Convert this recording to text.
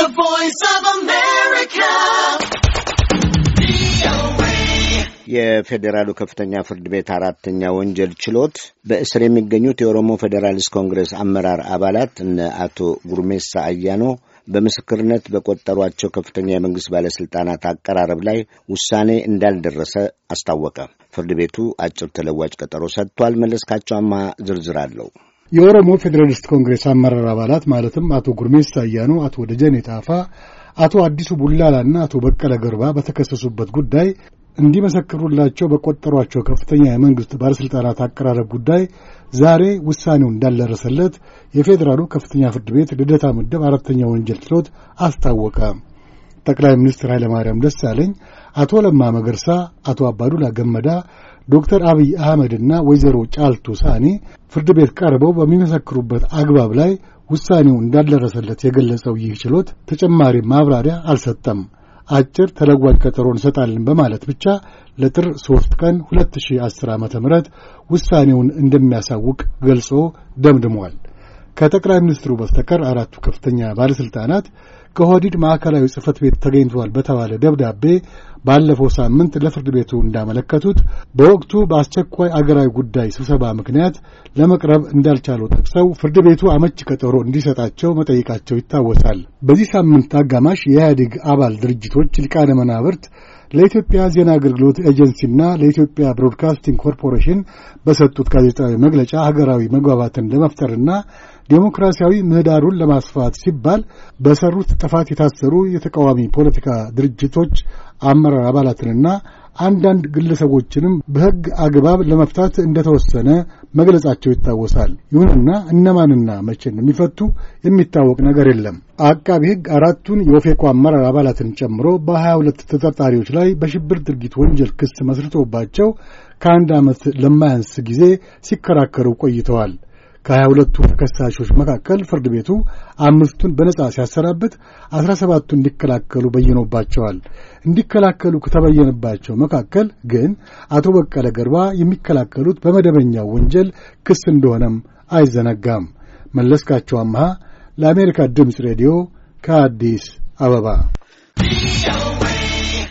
The Voice of America. የፌዴራሉ ከፍተኛ ፍርድ ቤት አራተኛ ወንጀል ችሎት በእስር የሚገኙት የኦሮሞ ፌዴራሊስት ኮንግረስ አመራር አባላት እነ አቶ ጉርሜሳ አያኖ በምስክርነት በቆጠሯቸው ከፍተኛ የመንግሥት ባለሥልጣናት አቀራረብ ላይ ውሳኔ እንዳልደረሰ አስታወቀ። ፍርድ ቤቱ አጭር ተለዋጭ ቀጠሮ ሰጥቷል። መለስካቸው አማ ዝርዝር አለው። የኦሮሞ ፌዴራሊስት ኮንግሬስ አመራር አባላት ማለትም አቶ ጉርሜሳ አያኖ፣ አቶ ደጀኔ ጣፋ፣ አቶ አዲሱ ቡላላና አቶ በቀለ ገርባ በተከሰሱበት ጉዳይ እንዲመሰክሩላቸው በቆጠሯቸው ከፍተኛ የመንግሥት ባለሥልጣናት አቀራረብ ጉዳይ ዛሬ ውሳኔው እንዳልደረሰለት የፌዴራሉ ከፍተኛ ፍርድ ቤት ልደታ ምድብ አራተኛ ወንጀል ችሎት አስታወቀ። ጠቅላይ ሚኒስትር ኃይለማርያም ደሳለኝ፣ አቶ ለማ መገርሳ፣ አቶ አባዱላ ገመዳ፣ ዶክተር አብይ አህመድና ወይዘሮ ጫልቱ ሳኒ ፍርድ ቤት ቀርበው በሚመሰክሩበት አግባብ ላይ ውሳኔው እንዳልደረሰለት የገለጸው ይህ ችሎት ተጨማሪ ማብራሪያ አልሰጠም። አጭር ተለዋጭ ቀጠሮ እንሰጣለን በማለት ብቻ ለጥር 3 ቀን 2010 ዓ ም ውሳኔውን እንደሚያሳውቅ ገልጾ ደምድሟል። ከጠቅላይ ሚኒስትሩ በስተቀር አራቱ ከፍተኛ ባለሥልጣናት ከሆዲድ ማዕከላዊ ጽህፈት ቤት ተገኝተዋል በተባለ ደብዳቤ ባለፈው ሳምንት ለፍርድ ቤቱ እንዳመለከቱት በወቅቱ በአስቸኳይ አገራዊ ጉዳይ ስብሰባ ምክንያት ለመቅረብ እንዳልቻሉ ጠቅሰው ፍርድ ቤቱ አመቺ ቀጠሮ እንዲሰጣቸው መጠየቃቸው ይታወሳል። በዚህ ሳምንት አጋማሽ የኢህአዴግ አባል ድርጅቶች ሊቃነ መናብርት ለኢትዮጵያ ዜና አገልግሎት ኤጀንሲና ለኢትዮጵያ ብሮድካስቲንግ ኮርፖሬሽን በሰጡት ጋዜጣዊ መግለጫ ሀገራዊ መግባባትን ለመፍጠርና ዴሞክራሲያዊ ምህዳሩን ለማስፋት ሲባል በሰሩት ጥፋት የታሰሩ የተቃዋሚ ፖለቲካ ድርጅቶች አመራር አባላትንና አንዳንድ ግለሰቦችንም በሕግ አግባብ ለመፍታት እንደተወሰነ መግለጻቸው ይታወሳል። ይሁንና እነማንና መቼ እንደሚፈቱ የሚታወቅ ነገር የለም። አቃቢ ሕግ አራቱን የኦፌኮ አመራር አባላትን ጨምሮ በሀያ ሁለት ተጠርጣሪዎች ላይ በሽብር ድርጊት ወንጀል ክስ መስርቶባቸው ከአንድ ዓመት ለማያንስ ጊዜ ሲከራከሩ ቆይተዋል። ከሀያ ሁለቱ ተከሳሾች መካከል ፍርድ ቤቱ አምስቱን በነጻ ሲያሰራበት አስራ ሰባቱ እንዲከላከሉ በይኖባቸዋል። እንዲከላከሉ ከተበየነባቸው መካከል ግን አቶ በቀለ ገርባ የሚከላከሉት በመደበኛው ወንጀል ክስ እንደሆነም አይዘነጋም። መለስካቸው አምሃ ለአሜሪካ ድምፅ ሬዲዮ ከአዲስ አበባ